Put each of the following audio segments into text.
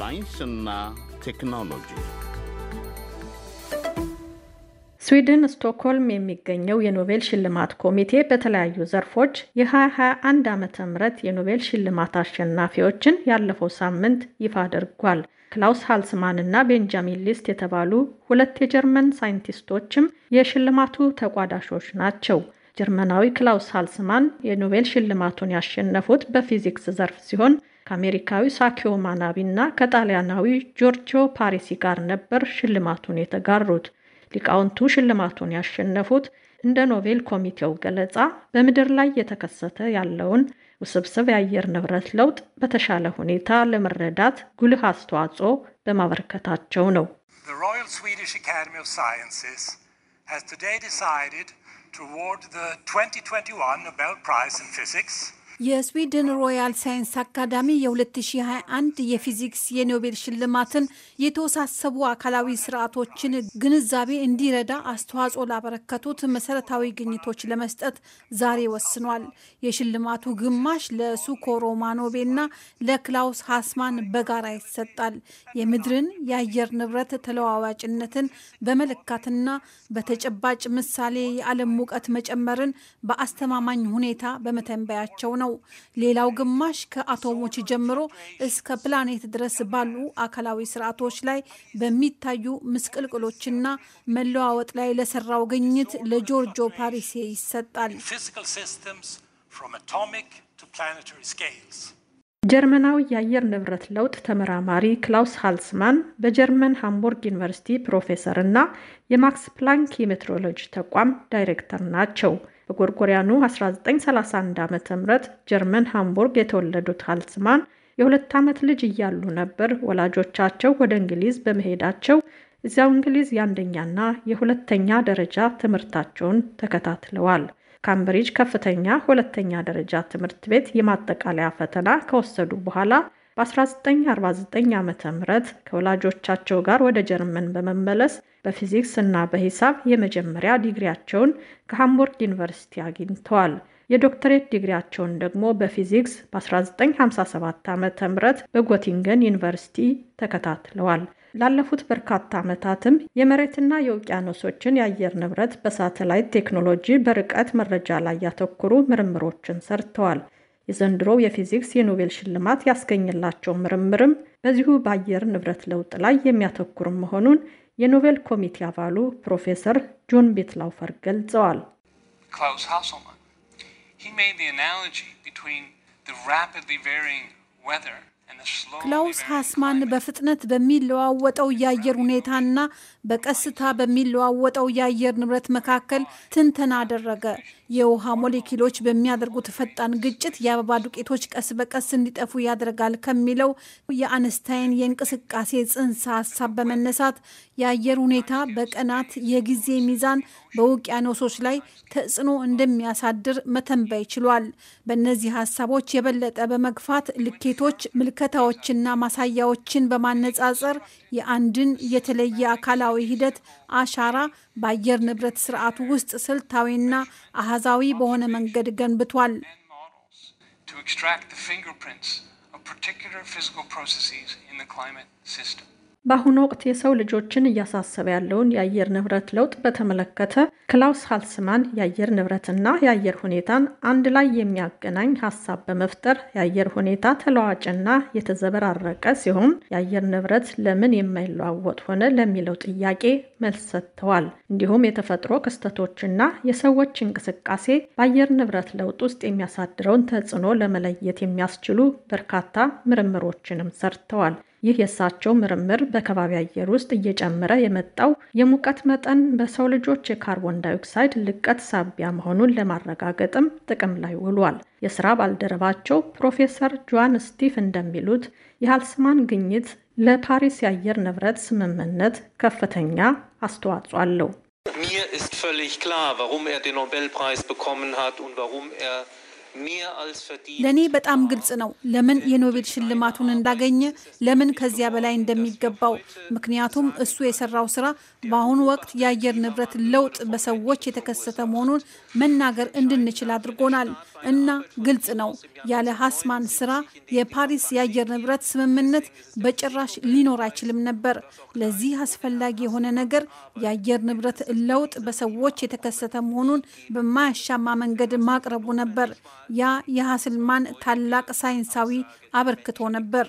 ሳይንስና ቴክኖሎጂ uh, ስዊድን ስቶክሆልም የሚገኘው የኖቤል ሽልማት ኮሚቴ በተለያዩ ዘርፎች የ2021 ዓ ም የኖቤል ሽልማት አሸናፊዎችን ያለፈው ሳምንት ይፋ አድርጓል። ክላውስ ሃልስማን እና ቤንጃሚን ሊስት የተባሉ ሁለት የጀርመን ሳይንቲስቶችም የሽልማቱ ተቋዳሾች ናቸው። ጀርመናዊ ክላውስ ሃልስማን የኖቤል ሽልማቱን ያሸነፉት በፊዚክስ ዘርፍ ሲሆን ከአሜሪካዊ ሳኪዮ ማናቢ እና ከጣሊያናዊ ጆርጂዮ ፓሪሲ ጋር ነበር ሽልማቱን የተጋሩት። ሊቃውንቱ ሽልማቱን ያሸነፉት እንደ ኖቬል ኮሚቴው ገለጻ በምድር ላይ የተከሰተ ያለውን ውስብስብ የአየር ንብረት ለውጥ በተሻለ ሁኔታ ለመረዳት ጉልህ አስተዋጽኦ በማበረከታቸው ነው። has today decided to award the 2021 Nobel Prize in Physics የስዊድን ሮያል ሳይንስ አካዳሚ የ2021 የፊዚክስ የኖቤል ሽልማትን የተወሳሰቡ አካላዊ ስርዓቶችን ግንዛቤ እንዲረዳ አስተዋጽኦ ላበረከቱት መሰረታዊ ግኝቶች ለመስጠት ዛሬ ወስኗል። የሽልማቱ ግማሽ ለሱኮ ሮማኖቤና ለክላውስ ሃስማን በጋራ ይሰጣል። የምድርን የአየር ንብረት ተለዋዋጭነትን በመለካትና በተጨባጭ ምሳሌ የዓለም ሙቀት መጨመርን በአስተማማኝ ሁኔታ በመተንበያቸው ነው። ነው። ሌላው ግማሽ ከአቶሞች ጀምሮ እስከ ፕላኔት ድረስ ባሉ አካላዊ ስርዓቶች ላይ በሚታዩ ምስቅልቅሎችና መለዋወጥ ላይ ለሰራው ግኝት ለጆርጆ ፓሪሴ ይሰጣል። ጀርመናዊ የአየር ንብረት ለውጥ ተመራማሪ ክላውስ ሃልስማን በጀርመን ሃምቡርግ ዩኒቨርሲቲ ፕሮፌሰር እና የማክስ ፕላንክ የሜትሮሎጂ ተቋም ዳይሬክተር ናቸው። በጎርጎሪያኑ 1931 ዓ ም ጀርመን ሃምቡርግ የተወለዱት ሃልስማን የሁለት ዓመት ልጅ እያሉ ነበር ወላጆቻቸው ወደ እንግሊዝ በመሄዳቸው እዚያው እንግሊዝ የአንደኛና የሁለተኛ ደረጃ ትምህርታቸውን ተከታትለዋል። ካምብሪጅ ከፍተኛ ሁለተኛ ደረጃ ትምህርት ቤት የማጠቃለያ ፈተና ከወሰዱ በኋላ በ1949 ዓ ም ከወላጆቻቸው ጋር ወደ ጀርመን በመመለስ በፊዚክስ እና በሂሳብ የመጀመሪያ ዲግሪያቸውን ከሃምቡርግ ዩኒቨርሲቲ አግኝተዋል። የዶክተሬት ዲግሪያቸውን ደግሞ በፊዚክስ በ1957 ዓ ም በጎቲንገን ዩኒቨርሲቲ ተከታትለዋል። ላለፉት በርካታ ዓመታትም የመሬትና የውቅያኖሶችን የአየር ንብረት በሳተላይት ቴክኖሎጂ በርቀት መረጃ ላይ ያተኮሩ ምርምሮችን ሰርተዋል። የዘንድሮው የፊዚክስ የኖቤል ሽልማት ያስገኝላቸው ምርምርም በዚሁ በአየር ንብረት ለውጥ ላይ የሚያተኩር መሆኑን የኖቤል ኮሚቴ አባሉ ፕሮፌሰር ጆን ቤትላውፈር ገልጸዋል። ክላውስ ሃስልማን ክላውስ ሃስማን በፍጥነት በሚለዋወጠው የአየር ሁኔታና በቀስታ በሚለዋወጠው የአየር ንብረት መካከል ትንተና አደረገ። የውሃ ሞሌኪሎች በሚያደርጉት ፈጣን ግጭት የአበባ ዱቄቶች ቀስ በቀስ እንዲጠፉ ያደርጋል ከሚለው የአንስታይን የእንቅስቃሴ ጽንሰ ሀሳብ በመነሳት የአየር ሁኔታ በቀናት የጊዜ ሚዛን በውቅያኖሶች ላይ ተጽዕኖ እንደሚያሳድር መተንበይ ችሏል። በእነዚህ ሀሳቦች የበለጠ በመግፋት ልኬቶች ምልክ ምልከታዎችና ማሳያዎችን በማነጻጸር የአንድን የተለየ አካላዊ ሂደት አሻራ በአየር ንብረት ስርዓቱ ውስጥ ስልታዊና አሃዛዊ በሆነ መንገድ ገንብቷል። ፕሮሰሲስ ኢን ክላይመት ሲስተም በአሁኑ ወቅት የሰው ልጆችን እያሳሰበ ያለውን የአየር ንብረት ለውጥ በተመለከተ ክላውስ ሃልስማን የአየር ንብረትና የአየር ሁኔታን አንድ ላይ የሚያገናኝ ሀሳብ በመፍጠር የአየር ሁኔታ ተለዋጭና የተዘበራረቀ ሲሆን የአየር ንብረት ለምን የማይለዋወጥ ሆነ ለሚለው ጥያቄ መልስ ሰጥተዋል። እንዲሁም የተፈጥሮ ክስተቶችና የሰዎች እንቅስቃሴ በአየር ንብረት ለውጥ ውስጥ የሚያሳድረውን ተጽዕኖ ለመለየት የሚያስችሉ በርካታ ምርምሮችንም ሰርተዋል። ይህ የእሳቸው ምርምር በከባቢ አየር ውስጥ እየጨመረ የመጣው የሙቀት መጠን በሰው ልጆች የካርቦን ዳይኦክሳይድ ልቀት ሳቢያ መሆኑን ለማረጋገጥም ጥቅም ላይ ውሏል። የስራ ባልደረባቸው ፕሮፌሰር ጆን ስቲፍ እንደሚሉት የሃልስማን ግኝት ለፓሪስ የአየር ንብረት ስምምነት ከፍተኛ አስተዋጽኦ አለው። ለእኔ በጣም ግልጽ ነው ለምን የኖቤል ሽልማቱን እንዳገኘ፣ ለምን ከዚያ በላይ እንደሚገባው። ምክንያቱም እሱ የሰራው ስራ በአሁኑ ወቅት የአየር ንብረት ለውጥ በሰዎች የተከሰተ መሆኑን መናገር እንድንችል አድርጎናል እና ግልጽ ነው ያለ ሀስማን ስራ የፓሪስ የአየር ንብረት ስምምነት በጭራሽ ሊኖር አይችልም ነበር። ለዚህ አስፈላጊ የሆነ ነገር የአየር ንብረት ለውጥ በሰዎች የተከሰተ መሆኑን በማያሻማ መንገድ ማቅረቡ ነበር። ያ የሀስልማን ታላቅ ሳይንሳዊ አበርክቶ ነበር።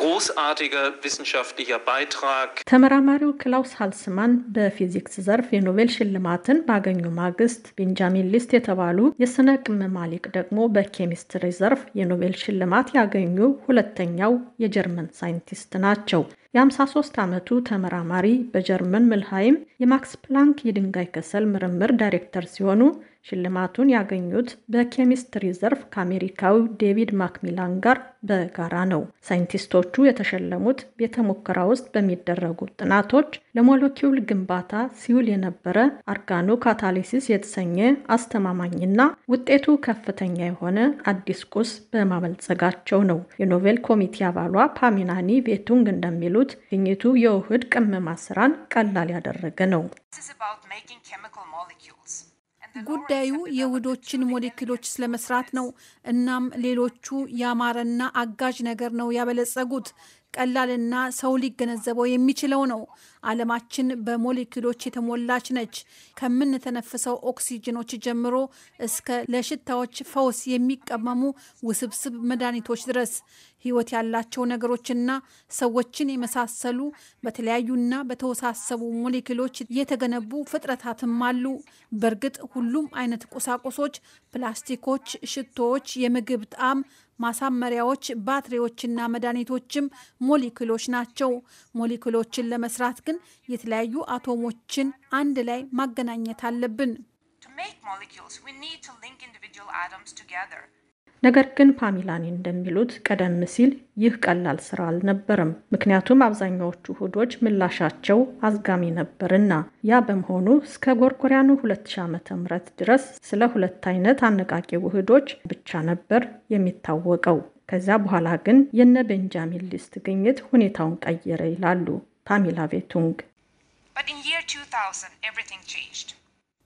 großartiger wissenschaftlicher Beitrag. ተመራማሪው ክላውስ ሃልስማን በፊዚክስ ዘርፍ የኖቤል ሽልማትን ባገኙ ማግስት ቤንጃሚን ሊስት የተባሉ የስነ ቅመማ ሊቅ ደግሞ በኬሚስትሪ ዘርፍ የኖቤል ሽልማት ያገኙ ሁለተኛው የጀርመን ሳይንቲስት ናቸው። የ53 ዓመቱ ተመራማሪ በጀርመን ምልሃይም የማክስ ፕላንክ የድንጋይ ከሰል ምርምር ዳይሬክተር ሲሆኑ ሽልማቱን ያገኙት በኬሚስትሪ ዘርፍ ከአሜሪካዊው ዴቪድ ማክሚላን ጋር በጋራ ነው። ሳይንቲስቶቹ የተሸለሙት ቤተ ሙከራ ውስጥ በሚደረጉ ጥናቶች ለሞለኪውል ግንባታ ሲውል የነበረ አርጋኖ ካታሊሲስ የተሰኘ አስተማማኝና ውጤቱ ከፍተኛ የሆነ አዲስ ቁስ በማበልጸጋቸው ነው። የኖቤል ኮሚቴ አባሏ ፓሚናኒ ቬቱንግ እንደሚሉት ግኝቱ የውህድ ቅመማ ስራን ቀላል ያደረገ ነው። ጉዳዩ የውህዶችን ሞሌክሎች ስለመስራት ነው። እናም ሌሎቹ ያማረና አጋዥ ነገር ነው ያበለጸጉት። ቀላልና ሰው ሊገነዘበው የሚችለው ነው። ዓለማችን በሞሌኪሎች የተሞላች ነች። ከምንተነፍሰው ኦክሲጅኖች ጀምሮ እስከ ለሽታዎች ፈውስ የሚቀመሙ ውስብስብ መድኃኒቶች ድረስ ሕይወት ያላቸው ነገሮችና ሰዎችን የመሳሰሉ በተለያዩና በተወሳሰቡ ሞሌኪሎች የተገነቡ ፍጥረታትም አሉ። በእርግጥ ሁሉም አይነት ቁሳቁሶች፣ ፕላስቲኮች፣ ሽቶዎች፣ የምግብ ጣዕም ማሳመሪያዎች፣ ባትሪዎችና መድኃኒቶችም ሞሊክሎች ናቸው። ሞሊክሎችን ለመስራት ግን የተለያዩ አቶሞችን አንድ ላይ ማገናኘት አለብን። ነገር ግን ፓሚላኒ እንደሚሉት ቀደም ሲል ይህ ቀላል ስራ አልነበረም። ምክንያቱም አብዛኛዎቹ እሁዶች ምላሻቸው አዝጋሚ ነበርና። ያ በመሆኑ እስከ ጎርጎሪያኑ 2000 ዓ ም ድረስ ስለ ሁለት አይነት አነቃቂ ውህዶች ብቻ ነበር የሚታወቀው። ከዚያ በኋላ ግን የነ ቤንጃሚን ሊስት ግኝት ሁኔታውን ቀየረ ይላሉ ፓሚላ ቤቱንግ።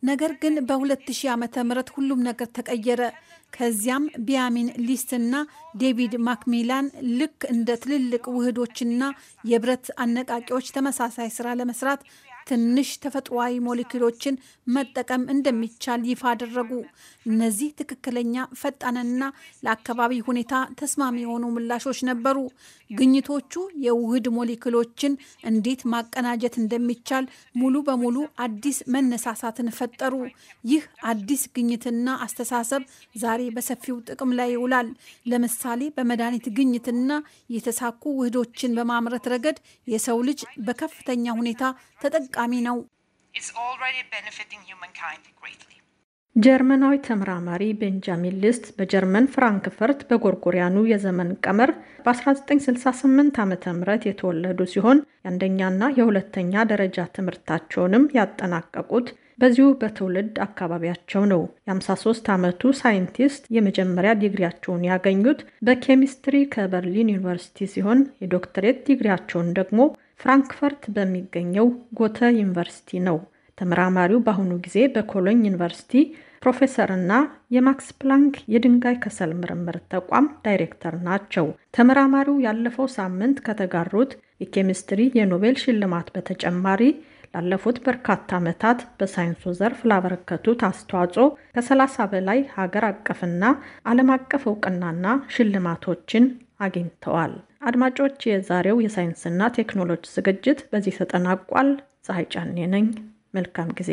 ነገር ግን በ2000 ዓ ም ሁሉም ነገር ተቀየረ። ከዚያም ቢያሚን ሊስትና ዴቪድ ማክሚላን ልክ እንደ ትልልቅ ውህዶችና የብረት አነቃቂዎች ተመሳሳይ ስራ ለመስራት ትንሽ ተፈጥሯዊ ሞሌኪሎችን መጠቀም እንደሚቻል ይፋ አደረጉ። እነዚህ ትክክለኛ፣ ፈጣንና ለአካባቢ ሁኔታ ተስማሚ የሆኑ ምላሾች ነበሩ። ግኝቶቹ የውህድ ሞሌኪሎችን እንዴት ማቀናጀት እንደሚቻል ሙሉ በሙሉ አዲስ መነሳሳትን ፈጠሩ። ይህ አዲስ ግኝትና አስተሳሰብ ዛሬ በሰፊው ጥቅም ላይ ይውላል። ለምሳሌ በመድኃኒት ግኝትና የተሳኩ ውህዶችን በማምረት ረገድ የሰው ልጅ በከፍተኛ ሁኔታ ተጠ። ጠቃሚ ነው። ጀርመናዊ ተመራማሪ ቤንጃሚን ሊስት በጀርመን ፍራንክፈርት በጎርጎሪያኑ የዘመን ቀመር በ1968 ዓ ም የተወለዱ ሲሆን የአንደኛና የሁለተኛ ደረጃ ትምህርታቸውንም ያጠናቀቁት በዚሁ በትውልድ አካባቢያቸው ነው። የ53 ዓመቱ ሳይንቲስት የመጀመሪያ ዲግሪያቸውን ያገኙት በኬሚስትሪ ከበርሊን ዩኒቨርሲቲ ሲሆን የዶክትሬት ዲግሪያቸውን ደግሞ ፍራንክፈርት በሚገኘው ጎተ ዩኒቨርሲቲ ነው። ተመራማሪው በአሁኑ ጊዜ በኮሎኝ ዩኒቨርሲቲ ፕሮፌሰርና የማክስ ፕላንክ የድንጋይ ከሰል ምርምር ተቋም ዳይሬክተር ናቸው። ተመራማሪው ያለፈው ሳምንት ከተጋሩት የኬሚስትሪ የኖቤል ሽልማት በተጨማሪ ላለፉት በርካታ ዓመታት በሳይንሱ ዘርፍ ላበረከቱት አስተዋጽኦ ከ30 በላይ ሀገር አቀፍና ዓለም አቀፍ እውቅናና ሽልማቶችን አግኝተዋል። አድማጮች፣ የዛሬው የሳይንስና ቴክኖሎጂ ዝግጅት በዚህ ተጠናቋል። ፀሐይ ጫኔ ነኝ። መልካም ጊዜ